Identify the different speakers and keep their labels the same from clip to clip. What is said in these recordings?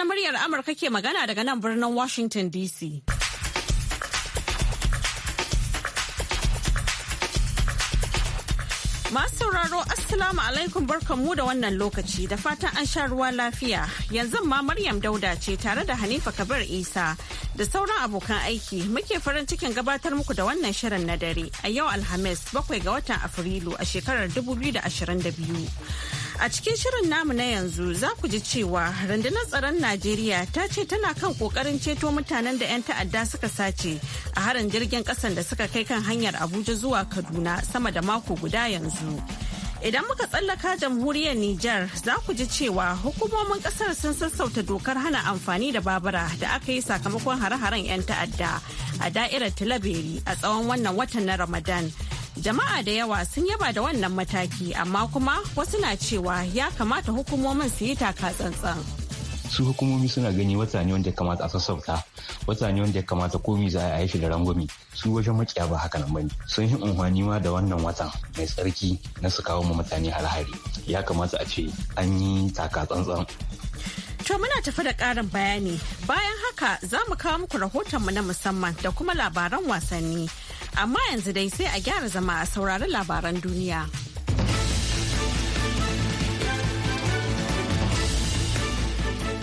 Speaker 1: na muryar Amurka ke magana daga nan birnin Washington DC. Masu sauraro Assalamu alaikum barkanmu da wannan lokaci da fatan an sha ruwa lafiya. Yanzu ma Maryam Dauda ce tare da Hanifa Kabir Isa da sauran abokan aiki muke farin cikin gabatar muku da wannan shirin na dare a yau Alhamis bakwai ga watan Afrilu a shekarar 2022. A cikin shirin namu na yanzu za ku ji cewa rundunar tsaron Najeriya ta ce tana kan kokarin ceto mutanen da 'yan ta'adda suka sace a harin jirgin kasan da suka kai kan hanyar Abuja zuwa Kaduna sama da mako guda yanzu. Idan muka tsallaka jamhuriyar Nijar za ku ji cewa hukumomin kasar sun sassauta dokar hana amfani da babura da aka yi sakamakon hare-haren 'yan ta'adda a da'irar Tilaberi a tsawon wannan watan na Ramadan. Jama'a da yawa sun yaba da wannan mataki amma kuma wasu na cewa ya kamata hukumomin su yi taka tsantsan.
Speaker 2: su hukumomi suna gani wata wanda kamata a sassauta wata wanda kamata komi za a yi shi da rangwami su wajen makiya ba haka nan bane sun yi unhwani ma da wannan watan mai tsarki na su kawo ma mutane alhari ya kamata a ce an yi taka tsantsan
Speaker 1: To muna tafi da ƙarin bayani bayan haka za mu kawo muku rahotonmu na musamman da kuma labaran wasanni Amma yanzu dai sai a gyara zama a sauraron labaran duniya.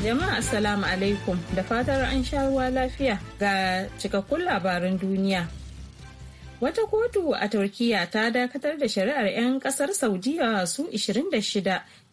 Speaker 1: Jama'a Assalamu alaikum da fatar an sha ruwa lafiya ga cikakkun labaran duniya. Wata kotu a Turkiyya ta dakatar da shari'ar 'yan kasar Saudiya su 26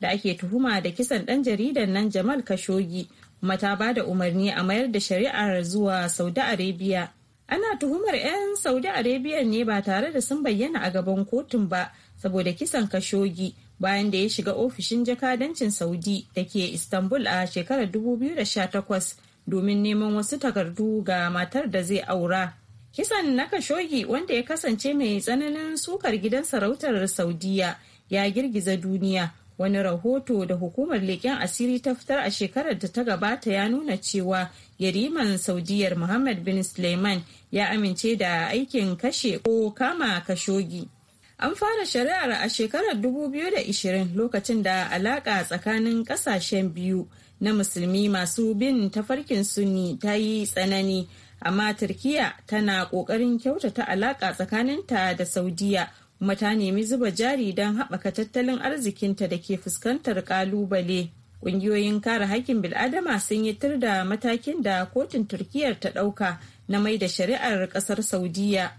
Speaker 1: da ake tuhuma da kisan ɗan jaridan nan Jamal Khashoggi kuma ta ba da umarni a mayar da shari'ar zuwa Saudi Arabia ana tuhumar 'yan saudi arabia ne ba tare da sun bayyana a gaban kotun ba saboda kisan kashogi bayan da ya shiga ofishin jakadancin saudi da ke istanbul a shekarar 2018 domin neman wasu takardu ga matar da zai aura kisan na kashogi wanda ya kasance mai tsananin sukar gidan sarautar saudiya ya girgiza duniya wani rahoto da hukumar leƙen asiri ta fitar a shekarar da ta gabata ya nuna cewa yariman saudiyar muhammad bin suleiman ya amince da aikin kashe ko kama kashogi an fara shari'ar a shekarar 2020 lokacin da alaƙa tsakanin ƙasashen biyu na musulmi masu bin tafarkin sunni ta yi tsanani amma turkiya tana ƙoƙarin kyautata alaƙa tsakaninta da saudiya kuma ta nemi zuba jari don haɓaka tattalin arzikinta da ke fuskantar ƙalubale. Ƙungiyoyin kare haƙƙin bil'adama sun yi tur da matakin da kotun Turkiyyar ta ɗauka na mai da shari'ar ƙasar Saudiya.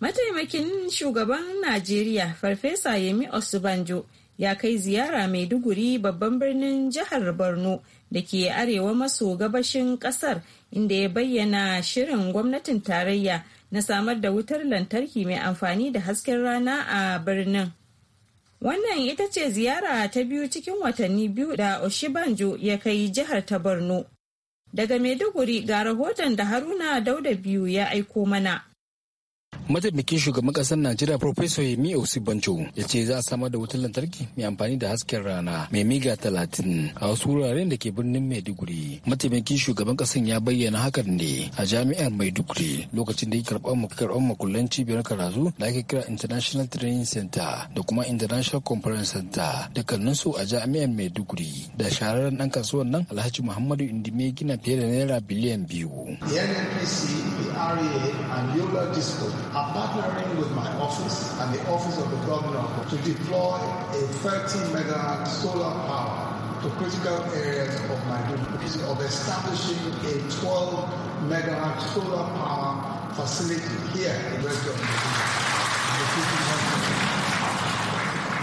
Speaker 1: Mataimakin shugaban Najeriya Farfesa Yemi Osubanjo ya kai ziyara Maiduguri babban birnin jihar Borno da ke arewa maso gabashin ƙasar inda ya bayyana shirin gwamnatin tarayya na samar da wutar lantarki mai amfani da hasken rana a birnin. Wannan ita ce ziyara ta biyu cikin watanni biyu da Oshibanjo ya kai jihar ta Borno. Daga Maiduguri ga rahoton da Haruna Dauda biyu ya aiko mana.
Speaker 3: mataimakin shugaban kasar najeriya Profesor yemi osibanjo ya ce za a samar da wutar lantarki mai amfani da hasken rana mai miga talatin a wasu wuraren da ke birnin maiduguri mataimakin shugaban kasar ya bayyana hakan ne a jami'ar maiduguri lokacin da ya karɓar karɓar makullan cibiyar karatu da ake kira international training center da kuma international conference center dukkanin su a jami'ar maiduguri da shahararren dan kasuwan nan alhaji muhammadu indime gina fiye da naira biliyan biyu.
Speaker 4: The NNPC, the and Yoga are partnering with my office and the office of the governor to deploy a 30
Speaker 5: megawatt solar power to critical areas of my district of establishing a 12 megawatt solar power facility here in West Virginia.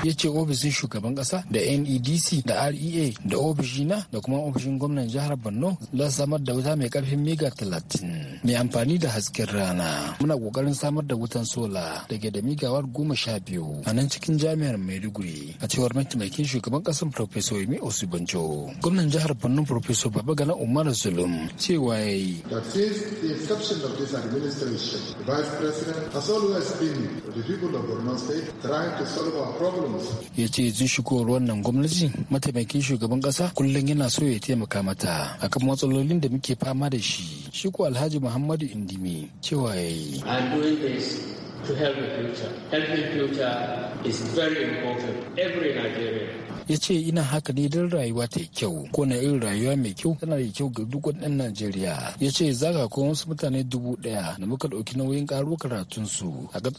Speaker 3: ya ce ofishin shugaban kasa da nedc da rea da ofishina da kuma ofishin gwamnan jihar borno za samar da wuta mai karfin mega talatin mai amfani da hasken rana muna kokarin samar da wutan sola da ke da migawar goma sha biyu a nan cikin jami'ar maiduguri a cewar mataimakin shugaban kasan professor yemi osibanjo gwamnan jihar borno baba babagana umar zulum
Speaker 4: cewa ya yi has been the people of Borno State, trying to solve our problem
Speaker 3: ya ce yanzu shigowar wannan gwamnati mataimakin shugaban kasa kullum yana so ya taimaka mata akan matsalolin da muke fama da shi shi alhaji muhammadu indimi cewa ya yi
Speaker 6: To help the future. Helping future is very important. Every Nigerian
Speaker 3: ya ce ina haka ne don rayuwa ta kyau ko na irin rayuwa mai kyau tana da kyau ga duk wani ɗan najeriya ya ce za ka ko wasu mutane dubu ɗaya da muka ɗauki nauyin ƙaro karatunsu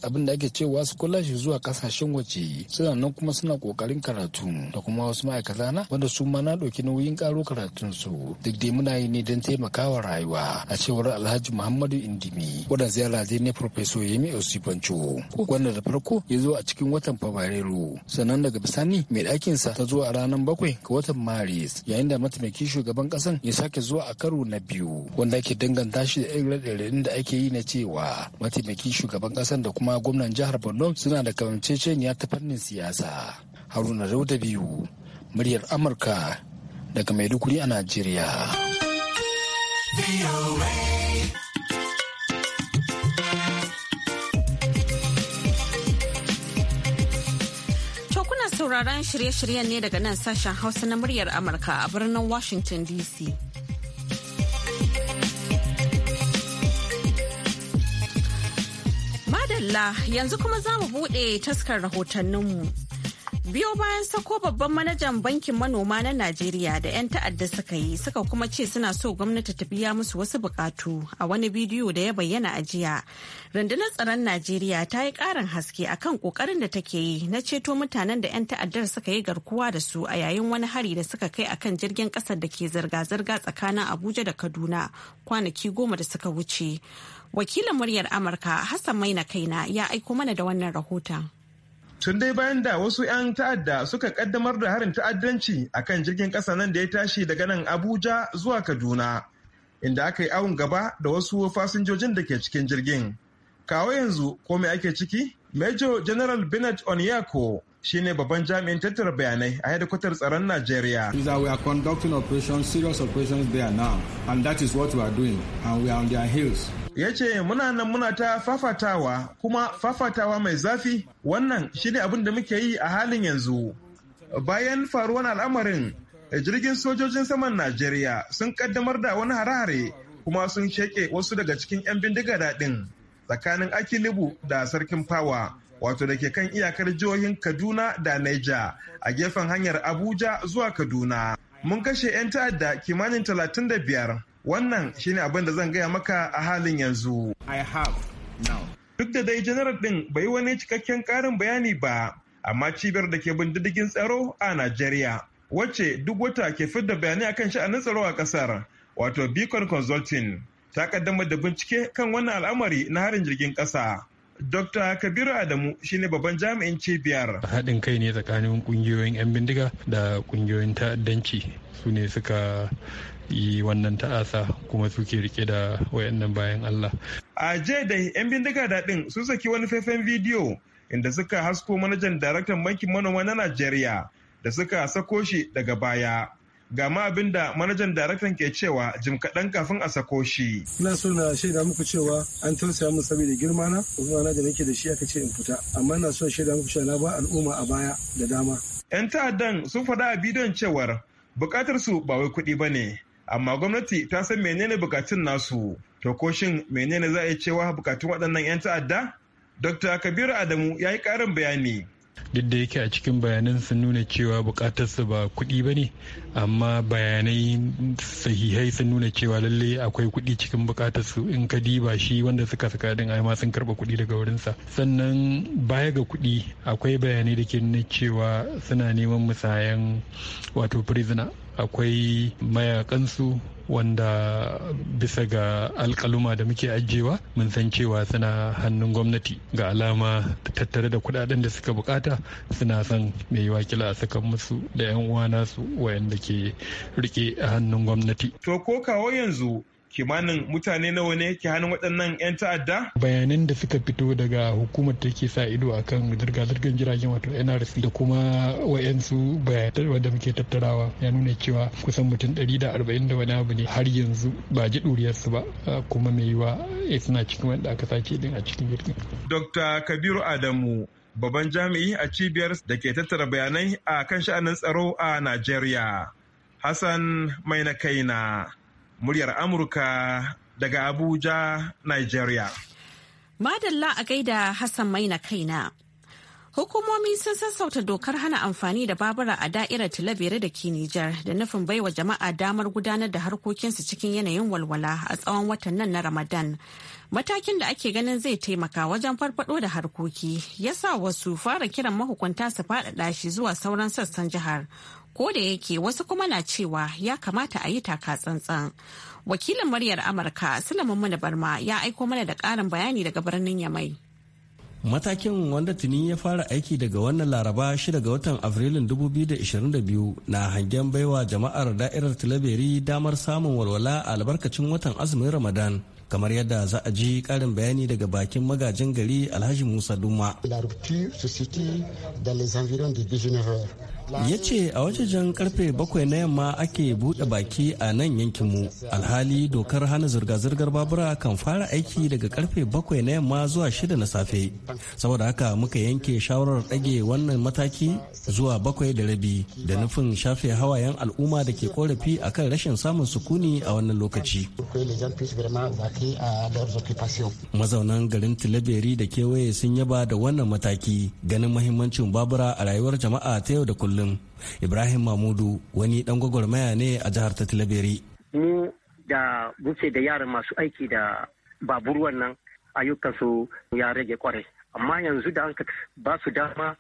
Speaker 3: abin da ake cewa su kula shi zuwa kasashen waje suna nan kuma suna ƙoƙarin karatu da kuma wasu ma'aikata na wanda su ma na ɗauki nauyin ƙaro karatunsu duk dai muna yi ne don taimakawa rayuwa a cewar alhaji muhammadu indimi wadda ziyara dai ne farfeso yemi osibancho wanda da farko ya zo a cikin watan fabrairu sannan daga bisani mai ɗakinsa ta zo a ranar bakwai ga watan maris yayin da mataimakin shugaban kasan ya sake zuwa a karo na biyu wanda ake danganta shi da irin raɗaɗin da ake yi na cewa mataimakin shugaban kasan da kuma gwamnan jihar borno suna da kamanceceniya ta fannin siyasa haruna rauda biyu muryar amurka daga maiduguri a najeriya
Speaker 1: sauraron shirye-shiryen ne daga nan sashen Hausa na muryar Amurka a birnin Washington DC. Madalla yanzu kuma za mu buɗe taskar rahotanninmu. biyo bayan sako babban manajan bankin manoma na najeriya da 'yan ta'adda suka yi suka kuma ce suna so gwamnati ta biya musu wasu bukatu a wani bidiyo da ya bayyana a jiya rundunar tsaron najeriya ta yi karin haske akan kokarin da take yi na ceto mutanen da 'yan ta'addar suka yi garkuwa da su a yayin wani hari da suka kai akan jirgin kasar da ke zirga-zirga tsakanin abuja da kaduna kwanaki goma da suka wuce wakilin muryar amurka hassan maina kaina ya aiko mana da wannan rahoton
Speaker 4: tun dai bayan da wasu 'yan ta'adda suka kaddamar da harin ta'addanci a kan jirgin ƙasa nan da ya tashi daga nan abuja zuwa kaduna inda aka yi awon gaba da wasu fasinjojin da ke cikin jirgin kawo yanzu ko mai ake ciki major general bennett onyako shine babban jami'in tattara bayanai a hedikwatar tsaron Najeriya. Is that we are conducting operations, serious operations there now, and that is what we are doing, and we are on their heels. ya ce muna nan muna ta fafatawa kuma fafatawa mai zafi wannan shine abin da muke yi a halin yanzu bayan faruwan al'amarin jirgin sojojin saman najeriya sun kaddamar da wani hare kuma sun sheke wasu daga cikin 'yan bindiga daɗin tsakanin akilibu da sarkin fawa wato da ke kan iyakar jihohin kaduna da naija a gefen hanyar abuja zuwa kaduna mun kashe 'yan ta'adda kimanin 35 Wannan shine abin da zan gaya maka a halin yanzu. I have now. Duk da dai janaral din bai wani cikakken karin bayani ba, amma cibiyar da ke bin tsaro a Najeriya, wacce duk wata ke fidda bayanai akan sha'anin tsaro a kasar wato Beacon Consulting, ta kaddamar da bincike kan wannan al'amari na harin jirgin kasa. Dr. Kabiru Adamu shine babban jami'in cibiyar.
Speaker 7: Haɗin kai ne tsakanin ƙungiyoyin 'yan bindiga da ƙungiyoyin ta'addanci su ne suka yi wannan ta'asa
Speaker 4: kuma suke rike da wayannan bayan Allah. A jiya da 'yan bindiga daɗin sun saki wani faifan bidiyo inda suka hasko manajan daraktan bankin manoma na Najeriya da suka sako shi daga baya. Ga ma abin da manajan daraktan ke cewa jim kaɗan kafin a sako shi. Ina so na shaida muku cewa an tausaya mu saboda girma na na da nake da shi aka ce in fita amma ina so shaida muku cewa na ba al'umma a baya da dama. 'Yan ta'addan sun faɗa a bidiyon cewar bukatar su ba wai kuɗi ba ne amma gwamnati ta san menene bukatun nasu to ko shin menene za a yi cewa bukatun waɗannan 'yan ta'adda dr kabiru adamu ya yi ƙarin bayani
Speaker 7: duk da yake a cikin bayanan sun nuna cewa bukatarsa ba kuɗi ba ne amma bayanai sahihai sun nuna cewa lalle akwai kuɗi cikin bukatarsu in ka diba shi wanda suka saka din ai ma sun karɓa kuɗi daga wurinsa sannan baya ga kuɗi akwai bayanai da ke nuna cewa suna neman musayan wato prisoner akwai mayakansu wanda bisa ga alkaluma da muke ajiyewa mun san cewa suna hannun gwamnati ga alama tattare da kudaden da suka bukata suna son mai yiwa kila a sakan musu
Speaker 4: da yan uwa nasu wayanda ke rike a hannun gwamnati to ko kawo yanzu kimanin mutane nawa ne ke hannun waɗannan 'yan ta'adda?
Speaker 7: Bayanan da suka fito daga hukumar da ke sa ido akan zirga-zirgar jiragen wato NRC da kuma wayansu bayanan wanda muke tattarawa ya nuna cewa kusan mutum ɗari da wani abu ne har yanzu ba ji ɗuriyarsu ba kuma mai yiwa eh, suna cikin wanda aka sace din a cikin jirgin.
Speaker 4: Dr. Kabiru Adamu babban jami'i a cibiyar da ke tattara bayanai a kan sha'anin tsaro a Najeriya. Hassan Mai na kaina. muryar Amurka daga Abuja, Nigeria.
Speaker 1: Madalla a gaida Hassan Maina kaina. Hukumomi sun sassauta dokar hana amfani da babura a da'irar Tilabere da ke Nijar da nufin baiwa jama'a damar gudanar da harkokinsu cikin yanayin walwala a tsawon watan nan na Ramadan. Matakin da ake ganin zai taimaka wajen farfado da harkoki ya sa wasu fara kiran mahukunta su faɗaɗa shi zuwa sauran sassan jihar ko da yake wasu kuma na cewa ya kamata a yi taka tsantsan. Wakilin muryar Amurka Sulaiman Mana Barma ya aiko mana da ƙarin bayani daga birnin Yamai.
Speaker 2: Matakin wanda tuni ya fara aiki daga wannan laraba shida ga watan Afrilun 2022 na hangen baiwa jama'ar da'irar Tilaberi damar samun walwala a albarkacin watan azumin Ramadan. kamar yadda za a ji karin bayani daga bakin magajin gari alhaji musa duma ya ce a wajejen karfe bakwai na yamma ake buɗe baki a nan yankinmu alhali dokar hana zirga-zirgar babura kan fara aiki daga karfe bakwai na yamma zuwa shida na safe saboda haka muka yanke shawarar ɗage wannan mataki zuwa bakwai da rabi da nufin shafe hawayen al'umma da ke korafi a kan rashin samun sukuni a wannan lokaci mazaunan garin tilaberi da kewaye sun yaba da wannan mataki ganin mahimmancin babura a rayuwar jama'a ta yau da kullum kullum ibrahim mamudu wani dan gwagwarmaya ne a jihar ta tilaberi mu da
Speaker 6: muke da yaran masu aiki da babur wannan ayyukansu ya rage kwarai amma yanzu da an ba su dama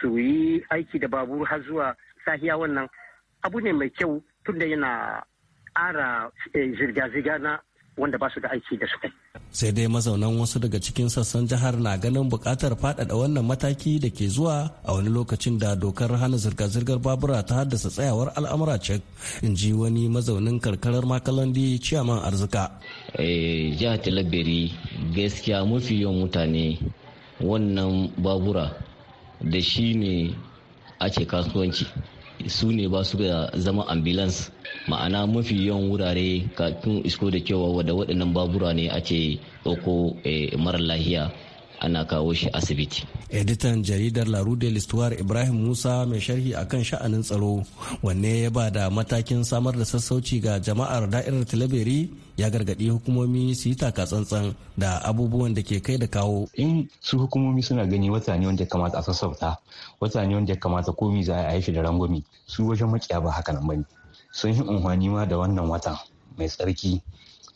Speaker 6: su yi aiki da babur har zuwa sahiya wannan abu ne mai kyau tunda yana ƙara eh, zirga-zirga na wanda ba su da aiki da su kai
Speaker 2: sai dai mazaunan wasu daga cikin sassan jihar na ganin buƙatar faɗaɗa wannan mataki da ke zuwa a wani lokacin da dokar hana zirga-zirgar babura ta haddasa tsayawar al'amura cek in ji wani mazaunin karkarar makalandi ciyaman arzika eh, jihar talabiri gaskiya mafi yawan mutane wannan babura da shi ne ake kasuwanci su ne ba su zama ambulance ma'ana mafi yawan wurare kafin isko da cewa da waɗannan babura ne ake ɗauko eh, mara lahiya ana kawo shi asibiti. editan jaridar de listuwar ibrahim musa mai sharhi akan sha'anin tsaro wanne ya ba da matakin samar da sassauci ga jama'ar da'irar talabiri ya gargaɗi hukumomi su yi taka tsantsan da abubuwan da ke kai da kawo in su hukumomi suna gani wata ne wanda ya kamata a sassauta wata wanda ya kamata komi za a yi shi da rangwami su wajen makiya ba haka nan bane sun yi unhwani ma da wannan watan mai tsarki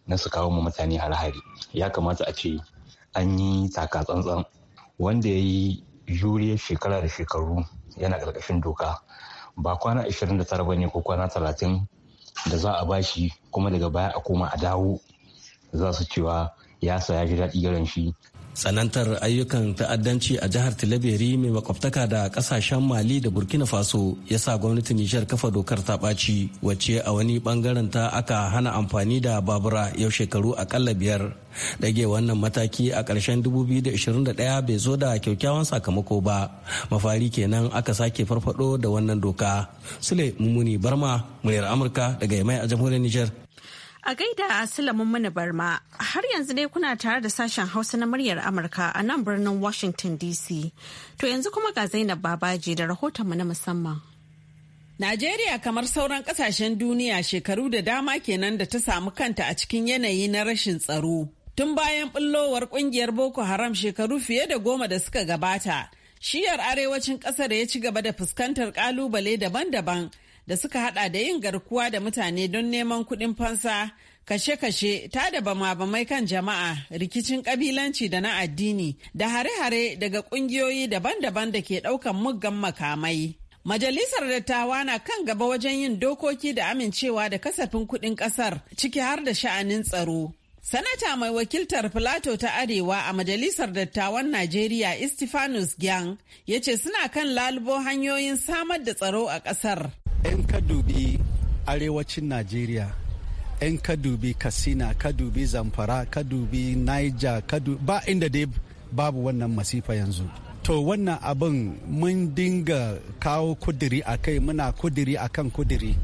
Speaker 2: na su kawo mu mutane har-hari ya kamata a ce an yi taka tsantsan wanda ya yi juriyar shekara da shekaru yana ƙarƙashin doka ba kwana 29 ba ne ko kwana 30 da za a bashi kuma daga baya a koma a dawo za su cewa ya sa ya ji daɗi shi tsanantar ayyukan ta'addanci a jihar tilaberi mai makwabtaka da kasashen mali da burkina faso ya sa gwamnatin nijar kafa dokar ta ɓaci wacce a wani bangaren ta aka hana amfani da babura yau shekaru akalla biyar dage wannan mataki a karshen 2021 bai zo da kyakkyawan sakamako ba mafari kenan aka sake farfado da wannan doka sule mummuni barma muryar amurka daga yamai a jamhuriyar nijar
Speaker 1: A gaida Sulamun mana Barma, har yanzu dai kuna tare da sashen Hausa na muryar Amurka a nan birnin Washington DC. To yanzu kuma ga Zainab Babaji da rahotonmu na musamman.
Speaker 8: Najeriya kamar sauran kasashen duniya shekaru da dama kenan da ta samu kanta a cikin yanayi na rashin tsaro. Tun bayan bullowar kungiyar Boko Haram shekaru fiye da goma da suka gabata, shiyar arewacin ƙasar ya ci gaba da fuskantar ƙalubale daban-daban da suka hada da yin garkuwa da mutane don neman kuɗin fansa kashe-kashe ta da bama-bamai kan jama'a rikicin kabilanci da na addini da hare-hare daga ƙungiyoyi daban-daban da ke ɗaukan muggan makamai Majalisar dattawa na kan gaba wajen yin dokoki da amincewa da kasafin kuɗin ƙasar ciki har da sha'anin tsaro. Sanata mai wakiltar Filato ta Arewa a Majalisar Dattawan Najeriya Istifanus Gyang ya ce suna kan lalubo hanyoyin samar da tsaro a ƙasar
Speaker 9: Yan kadubi arewacin najeriya yan kadubi katsina kadubi zamfara kadubi niger kadubi ba inda dai babu wannan masifa yanzu to wannan abin mun dinga kawo kudiri a kai muna kudiri a kan kudiri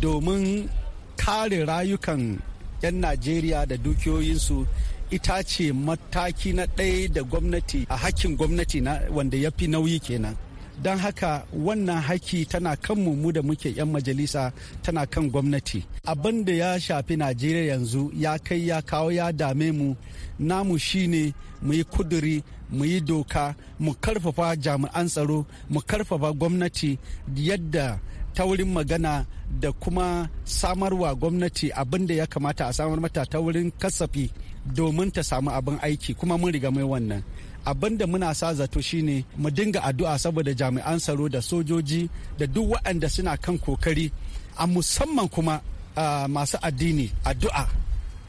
Speaker 9: domin kare rayukan 'yan najeriya da dukiyoyinsu ita ce mataki na ɗaya da gwamnati a hakkin gwamnati na wanda ya fi nauyi kenan don haka wannan haki tana kan mu da muke 'yan majalisa tana kan gwamnati abin da ya shafi najeriya yanzu ya kai ya kawo ya dame mu namu shine mu yi kuduri mu yi doka mu karfafa jami'an tsaro mu karfafa gwamnati yadda ta wurin magana da kuma samarwa gwamnati abin da ya kamata a samar mata ta wurin kasafi domin ta samu abin aiki kuma mun riga mai wannan abin da muna sa zato shine mu dinga addu'a saboda jami'an tsaro da sojoji da duk waɗanda suna kan kokari a musamman kuma masu addini addu'a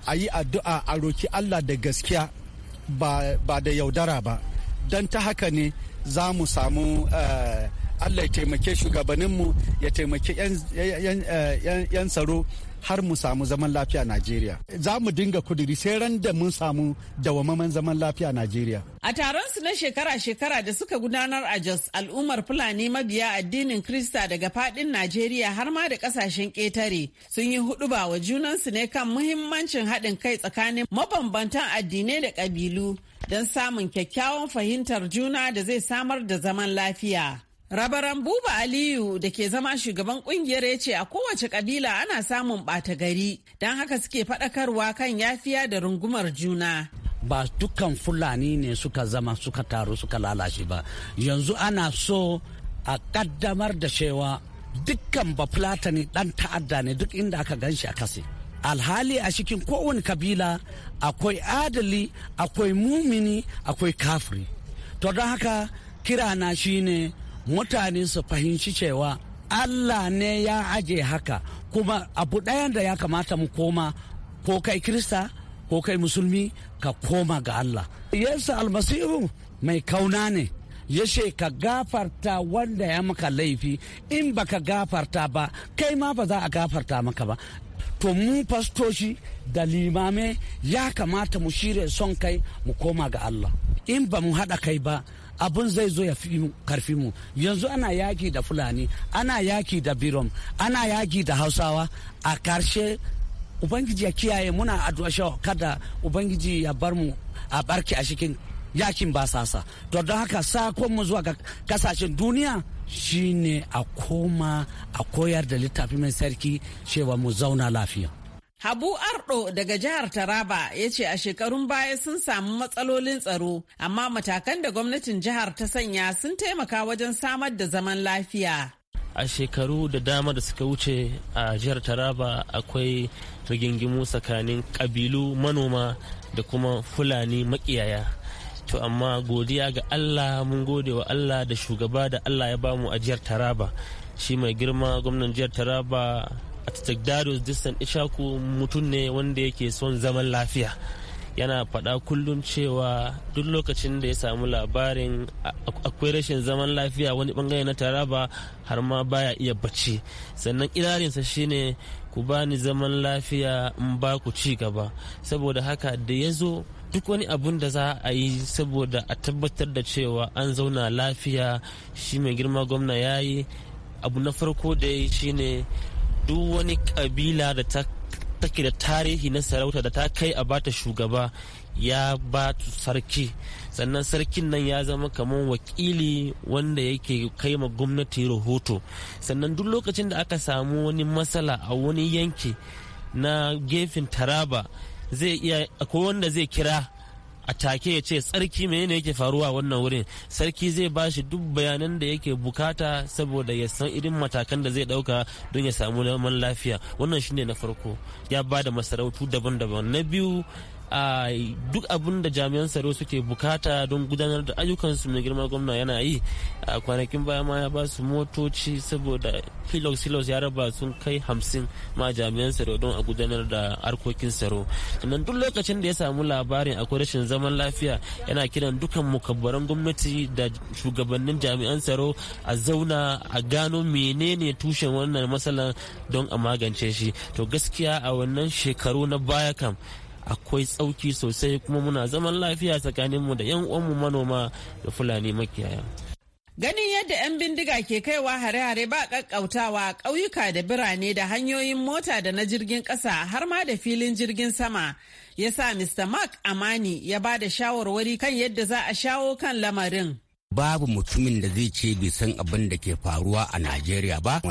Speaker 9: a yi addu'a a roki allah da gaskiya ba da yaudara ba don ta haka ne za mu samu eh, allah ya taimake shugabanninmu ya taimake 'yan tsaro har mu samu zaman lafiya Najeriya. Za mu dinga kuduri sai ran da mun samu dawamaman zaman lafiya Najeriya.
Speaker 8: A taron su na shekara-shekara da suka gudanar a Jos al'ummar Fulani mabiya addinin Krista daga fadin Najeriya har ma da kasashen ƙetare sun yi ba wa junansu ne kan muhimmancin haɗin kai tsakanin mabambantan addinai da ƙabilu don samun kyakkyawan fahimtar juna da zai samar da zaman lafiya. Rabaran Buba Aliyu da ke zama shugaban kungiyar ya ce a kowace kabila ana samun ɓata gari don haka suke faɗakarwa kan yafiya da rungumar juna.
Speaker 10: Ba dukkan Fulani ne suka zama suka taru suka lalace ba. Yanzu ana so a ƙaddamar da cewa dukkan Fulata ne ɗan ta'adda ne duk inda aka gan shi a kase. Alhali a cikin kowane kabila akwai adali, akwai mumini, akwai kafiri. To don haka kirana shine mutane su fahimci cewa Allah ne ya aje haka kuma abu ɗayan da ya kamata mu koma ko kai Kirista ko kai musulmi ka koma ga Allah. Yesu almasihu mai kauna ne ya ce ka gafarta wanda ya maka laifi in baka gafarta ba kai ma ba za a gafarta maka ba. To mu fastoci da limame ya kamata mu shirya son kai mu koma ga Allah. In ba mu haɗa kai ba abun zai zo ya fi karfi mu yanzu ana yaki da fulani ana yaki da birom ana yaki da hausawa a karshe ubangiji ya kiyaye muna addu'a kada ubangiji ya bar mu a barki a cikin yakin ba sasa to don haka sakon mu zuwa ga kasashen duniya shine a koma a koyar da littafi mai sarki cewa mu zauna lafiya
Speaker 8: Habu Ardo daga jihar Taraba ya ce a shekarun baya sun samu matsalolin tsaro, amma matakan da gwamnatin jihar ta sanya sun taimaka wajen samar da zaman lafiya.
Speaker 11: A shekaru da dama da suka wuce a jihar Taraba akwai rigingimu tsakanin ƙabilu manoma da kuma Fulani makiyaya. to amma godiya ga Allah mun gode wa Allah da shugaba da Allah ya bamu a jihar Taraba shi mai girma gwamnan jihar Taraba Atadarius distan Ishaku mutum ne wanda yake son zaman lafiya. Yana faɗa kullum cewa duk lokacin da ya samu labarin akwai rashin zaman lafiya wani bangare na taraba har ma baya iya bacci. Sannan idarinsa shine ku bani zaman lafiya in ba ku ci gaba. Saboda haka da ya zo duk wani abun da za a yi saboda a tabbatar da cewa an zauna lafiya shi mai girma gwamna ya yi abu na farko da ya yi shine duk wani kabila da ta take da tarihi na sarauta da ta kai a bata shugaba ya ba sarki sannan sarkin nan ya zama kamar wakili wanda yake kai ma gwamnati rahoto sannan duk lokacin da aka samu wani matsala a wani yanki na gefen taraba zai iya akwai wanda zai kira a take ya ce tsarki menene yake faruwa wannan wurin sarki zai ba shi duk bayanan da yake bukata saboda ya san irin matakan da zai dauka don ya samu zaman lafiya wannan shine na farko ya ba da masarautu daban-daban na biyu a duk abin da jami'an tsaro suke bukata don gudanar da ayyukansu mai girma gwamna yana yi a kwanakin baya ma ya ba su motoci saboda filos filos ya raba sun kai hamsin ma jami'an tsaro don a gudanar da harkokin tsaro sannan duk lokacin da ya samu labarin akwai rashin zaman lafiya yana kiran dukan mukabbaran gwamnati da shugabannin jami'an tsaro a zauna a gano menene tushen wannan matsalan don a magance shi to gaskiya a wannan shekaru na baya kam akwai tsauki sosai kuma muna zaman lafiya tsakaninmu da 'yan uwanmu manoma da fulani makiyaya.
Speaker 8: Ganin yadda 'yan bindiga ke kaiwa hare-hare ba ƙaƙƙautawa ƙauyuka da birane da hanyoyin mota da na jirgin ƙasa har ma da filin jirgin sama ya sa Mr. Mark Amani ya ba da shawarwari kan yadda za a shawo kan lamarin.
Speaker 6: babu mutumin da zai ce bai san abin da ke faruwa a najeriya ba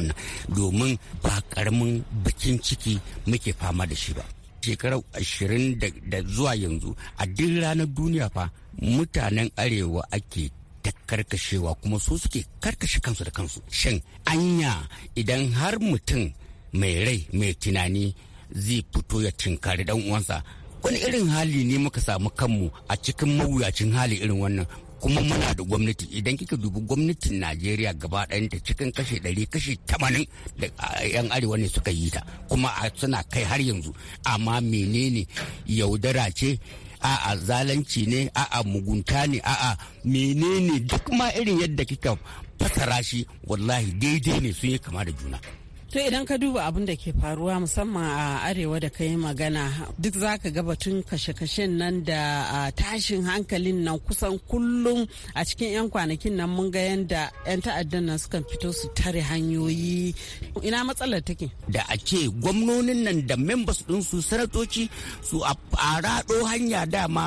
Speaker 6: domin ba karamin bakin ciki muke fama da shi ba shekarar ashirin da zuwa yanzu a duk ranar duniya fa mutanen arewa ake ta karkashewa kuma su suke karkashe kansu da kansu shin anya idan har mutum mai rai mai tunani zai fito ya cinkari dan uwansa wani irin hali ne muka samu kanmu a cikin mawuyacin hali irin wannan kuma muna da gwamnati idan kika dubi gwamnatin najeriya gaba ɗayanta cikin kashe ɗari kashe tamanin da yan arewa ne suka yi ta kuma suna kai har yanzu amma menene yaudara ce a'a zalanci ne a'a mugunta ne a'a menene duk ma irin yadda kika fasara shi wallahi daidai ne sun yi kama da juna
Speaker 8: To idan ka duba abin da ke faruwa musamman a arewa da ka yi magana duk za ka ga batun kashe-kashen nan da tashin hankalin nan kusan kullum a cikin 'yan kwanakin nan mun ga yadda 'yan ta'addan nan sukan fito su tare hanyoyi ina matsalar take.
Speaker 6: Da a ce gwamnonin nan da membas members su sanatoci su a raɗo hanya dama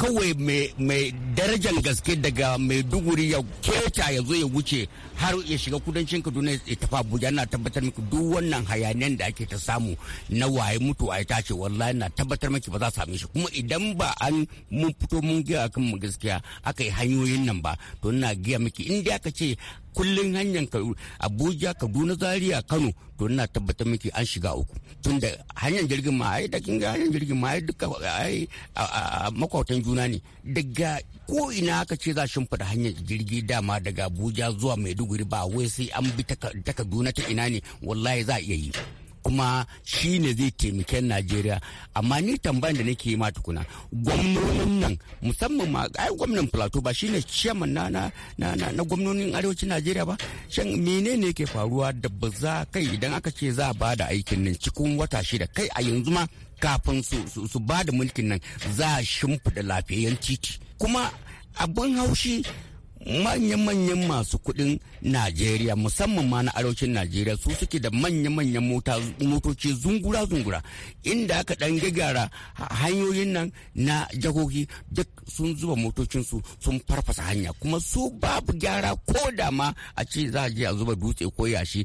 Speaker 6: kawai mai darajar gaske daga mai maiduguri ya keta ya zo ya wuce har ya shiga kudancin kaduna ya tafi abuja na tabbatar miki duk wannan hayaniyan da ake ta samu na waye mutu a ita ce wallahi na tabbatar miki ba za su same shi kuma idan ba an mun fito mun gaya kan mu gaskiya aka yi hanyoyin nan ba to ina gaya miki in dai aka ce kullun hanyar abuja kaduna zariya kano to ina tabbatar miki an shiga uku tun da hanyar jirgin ma ai da kin ga hanyar jirgin ma ai duka ai makwautan juna ne daga ko ina aka ce za shimfida hanyar jirgi dama daga abuja zuwa maiduguri maiduguri ba wai sai an bi ta kaduna ta ina ne wallahi za a iya yi kuma shi ne zai taimake najeriya amma ni tambayan da nake yi ma tukuna gwamnonin nan musamman ma ai gwamnan plateau ba shine chairman na na na na, na gwamnonin arewacin najeriya ba shan menene yake faruwa da ba za kai idan aka ce za a ba da aikin nan cikin wata shida kai a yanzu ma kafin su su ba da mulkin nan za a shimfiɗa lafiyayyen titi kuma abin haushi manyan-manyan masu kudin najeriya musamman ma na arewacin najeriya su suke da manya-manyan motoci zungura-zungura inda aka ɗan gagara hanyoyin nan na jagogi duk sun zuba motocinsu sun farfasa hanya kuma su babu gyara ko da ma a ce za a je a zuba dutse ko yashi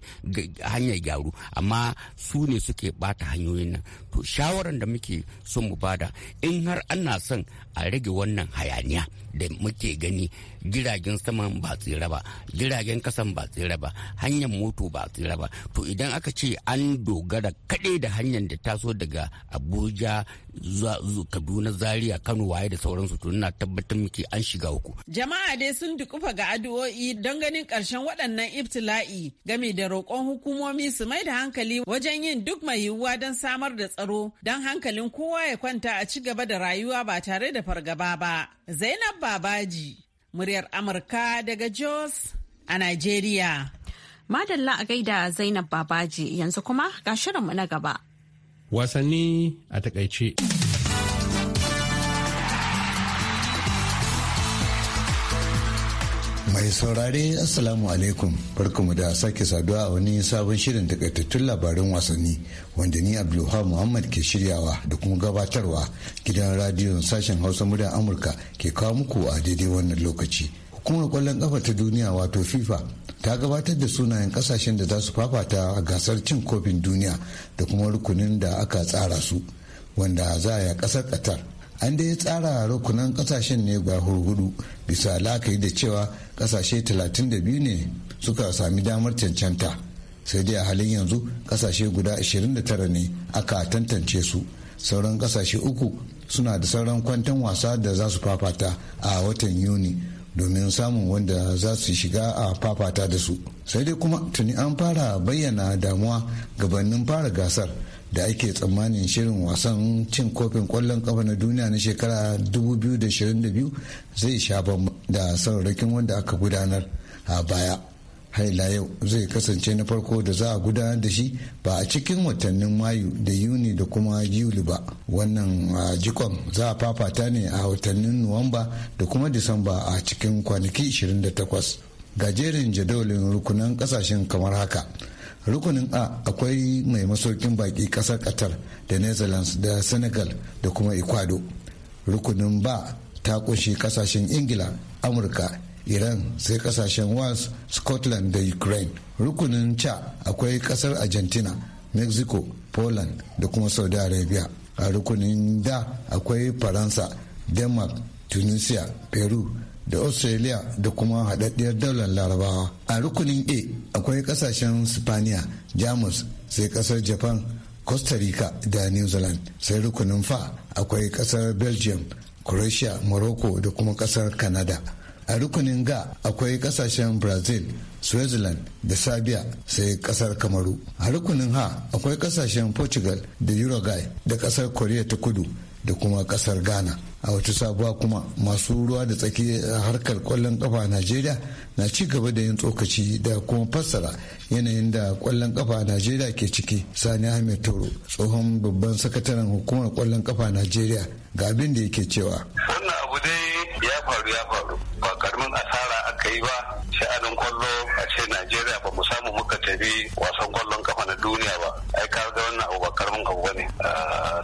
Speaker 6: hanyar gyaru amma su ne suke bata hanyoyin nan to shawaran da muke son mu bada in har ana son a rage wannan hayaniya da muke gani jiragen Jiragen saman ba tsira ba jiragen kasan ba tsira ba hanyar moto ba tsira ba to idan aka ce an dogara kaɗai da hanyar da ta so daga abuja zuwa kaduna zaria kano waye da sauransu to ina tabbatar muke an shiga uku
Speaker 8: jama'a dai sun dukufa ga addu'o'i don ganin karshen waɗannan ibtila'i game da roƙon hukumomi su mai da hankali wajen yin duk mai yiwuwa don samar da tsaro don hankalin kowa ya kwanta a ci gaba da rayuwa ba tare da fargaba ba zainab babaji muryar
Speaker 1: Amurka daga Jos a Najeriya. Madalla a gaida Zainab Babaji yanzu kuma ga shirinmu na gaba.
Speaker 7: Wasanni a takaice.
Speaker 5: Mai saurare Assalamu alaikum barkamu da sake saduwa a wani sabon shirin takaitattun labaran wasanni wanda ni Abdullahi Muhammad ke shiryawa da kuma gabatarwa gidan radiyon sashen Hausa muryar Amurka ke kawo muku a daidai wannan lokaci. Hukumar kwallon kafa ta duniya wato FIFA ta gabatar da sunayen kasashen da za su fafata a gasar cin kofin duniya da kuma rukunin da aka tsara su wanda za a kasar Qatar. An dai tsara rukunan kasashen ne ga hurhudu bisa la'akari da cewa kasashe 32 ne suka sami damar cancanta sai dai a halin yanzu kasashe guda 29 ne aka tantance su sauran kasashe uku suna da sauran kwantan wasa da za su fafata a watan yuni domin samun wanda za su shiga a fafata da su sai dai kuma tuni an fara bayyana damuwa gabanin fara gasar da ake tsammanin shirin wasan cin kofin kwallon kafa na duniya na shekara 2022 zai sha bambam da sararrakin wanda aka gudanar a baya haila yau zai kasance na farko da za a gudanar da shi ba a cikin watannin mayu da yuni da kuma yuli ba wannan jikon za a fafata ne a watannin nuwamba da kuma disamba a cikin kwanaki 28 gajeren jadawalin rukunan kasashen kamar haka rukunin a akwai mai masaukin baki kasar qatar da netherlands da senegal da kuma ecuador rukunin ba ta kunshi kasashen ingila amurka iran sai kasashen wales scotland da ukraine rukunin ca akwai kasar argentina mexico poland da kuma saudi arabia a rukunin da akwai faransa denmark tunisia peru da australia da kuma haɗaɗɗiyar daular larabawa a rukunin a akwai ƙasashen spaniya jamus sai ƙasar japan costa rica da new zealand sai rukunin fa akwai ƙasar belgium croatia morocco da kuma ƙasar canada a rukunin ga akwai kasashen brazil switzerland da serbia sai kasar kamaru a rukunin ha akwai kasashen portugal da uruguay da kasar korea ta kudu da kuma kasar ghana a wata sabuwa kuma masu ruwa da tsaki harkar kwallon kafa a najeriya na ci gaba da yin tsokaci da kuma fassara yanayin da kwallon kafa a najeriya ke ciki sani ahmed toro tsohon babban sakataren hukumar kwallon kafa a najeriya ga abin da yake cewa
Speaker 12: wannan abu dai ya faru ya faru ba karamin asara aka yi ba sha'anin kwallo a ce najeriya ba mu samu muka tafi wasan kwallon kafa na duniya ba ai ka ga wannan abu ba karamin abu ba ne. Ah,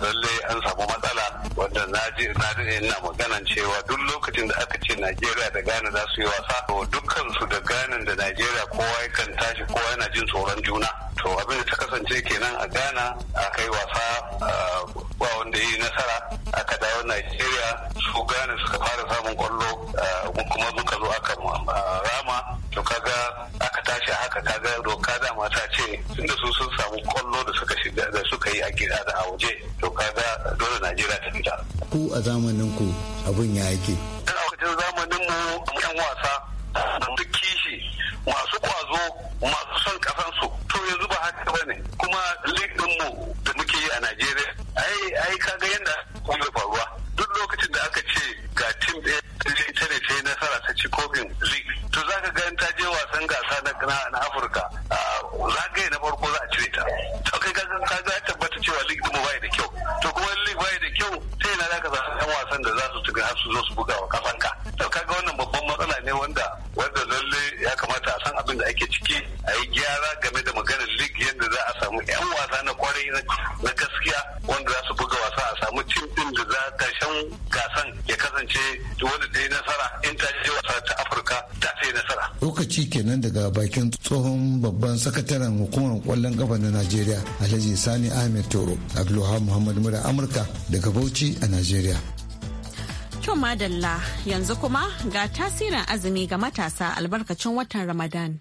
Speaker 12: na maganan cewa duk lokacin da aka ce Najeriya da Ghana za su yi wasa to dukkan su da Ghana da Najeriya kowa kan tashi kowa yana jin tsoron juna to abin da ta kasance kenan a Ghana aka yi wasa ah, ba wanda ya yi nasara aka
Speaker 5: a zamanin ku abin ya yake
Speaker 12: wasa na kwarai na gaskiya wanda za su buga wasa a samu cin din da za karshen gasan ya kasance wanda ta yi nasara in ta je wasa ta afirka ta ta
Speaker 5: nasara. lokaci kenan daga bakin tsohon babban sakataren hukumar kwallon kafa na najeriya alhaji sani ahmed toro abdulhamid muhammad mura amurka daga bauchi
Speaker 13: a najeriya.
Speaker 1: kyau madalla yanzu kuma ga tasirin azumi ga matasa albarkacin watan ramadan.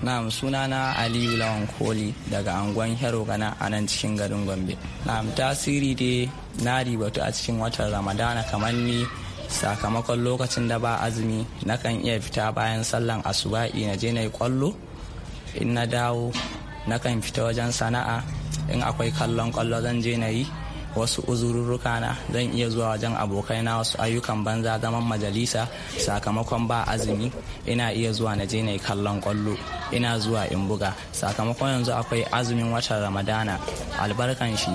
Speaker 13: na'am sunana aliyu lawan koli daga angon hero gana a nan cikin garin gombe na'am tasiri dai na ribatu a cikin watan ramadana kamar ni sakamakon lokacin da ba azumi na kan iya fita bayan sallan asuba'i na je na yi kwallo in na dawo na kan fita wajen sana'a in akwai kallon kwallo zan je na yi wasu uzururruka na zan iya zuwa wajen abokaina wasu ayyukan banza zaman majalisa sakamakon ba azumi ina iya zuwa na je na kallon kwallo ina zuwa in buga sakamakon yanzu akwai azumin watan ramadana albarkan shi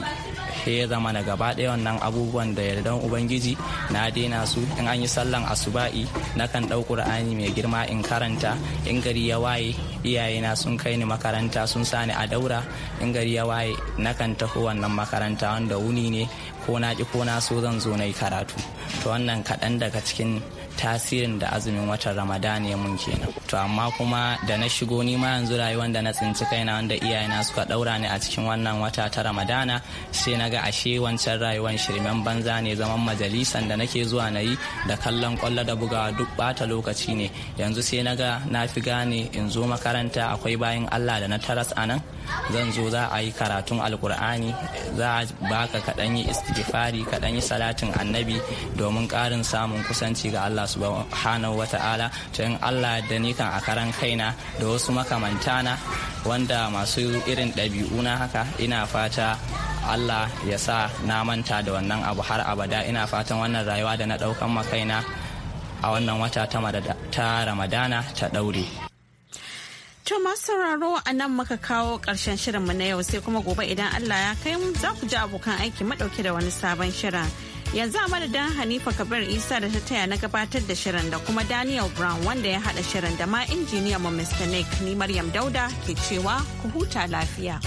Speaker 13: sai ya zama na gaba ɗaya wannan abubuwan da yardan ubangiji na daina su in an yi sallan asuba'i na kan ɗau ƙur'ani mai girma in karanta in gari ya waye iyayena sun kai ni makaranta sun sa ni a daura in gari ya waye na kan taho wannan makaranta wanda wuni ne ko na ki ko na so zan zo na yi karatu to wannan kaɗan daga cikin tasirin da azumin watan ramadana ya mun kenan to amma kuma da na shigo ni ma yanzu rayuwar da na tsinci kaina wanda iyayena suka ɗaura ni a cikin wannan wata ta ramadana sai na ga ashe wancan rayuwar shirmen banza ne zaman majalisan da nake zuwa na yi da kallon kwallo da bugawa duk bata lokaci ne yanzu sai na ga na fi gane in zo makaranta akwai bayan allah da na taras a nan zan zo za a yi karatun alkur'ani za a baka kaɗan yi istighfari kaɗan yi salatin annabi domin domin karin samun kusanci ga Allah subhanahu wata'ala to in Allah da ni kan a karan kaina da wasu makamanta na wanda masu irin ɗabi'u na haka ina fata Allah ya sa na manta da wannan abu har abada ina fatan wannan rayuwa da na ɗaukan makaina a wannan wata ta ramadana ta ɗaure.
Speaker 1: To masu sauraro a nan muka kawo ƙarshen mu na yau sai kuma gobe idan Allah ya kai mu za ku ji abokan aiki madauke da wani sabon shirin. yanzu a madadin hanifa kabir isa da ta taya na gabatar da shirin da kuma daniel brown wanda ya hada shirin da ma injiniya mu mr nick ni maryam dauda ke cewa ku huta lafiya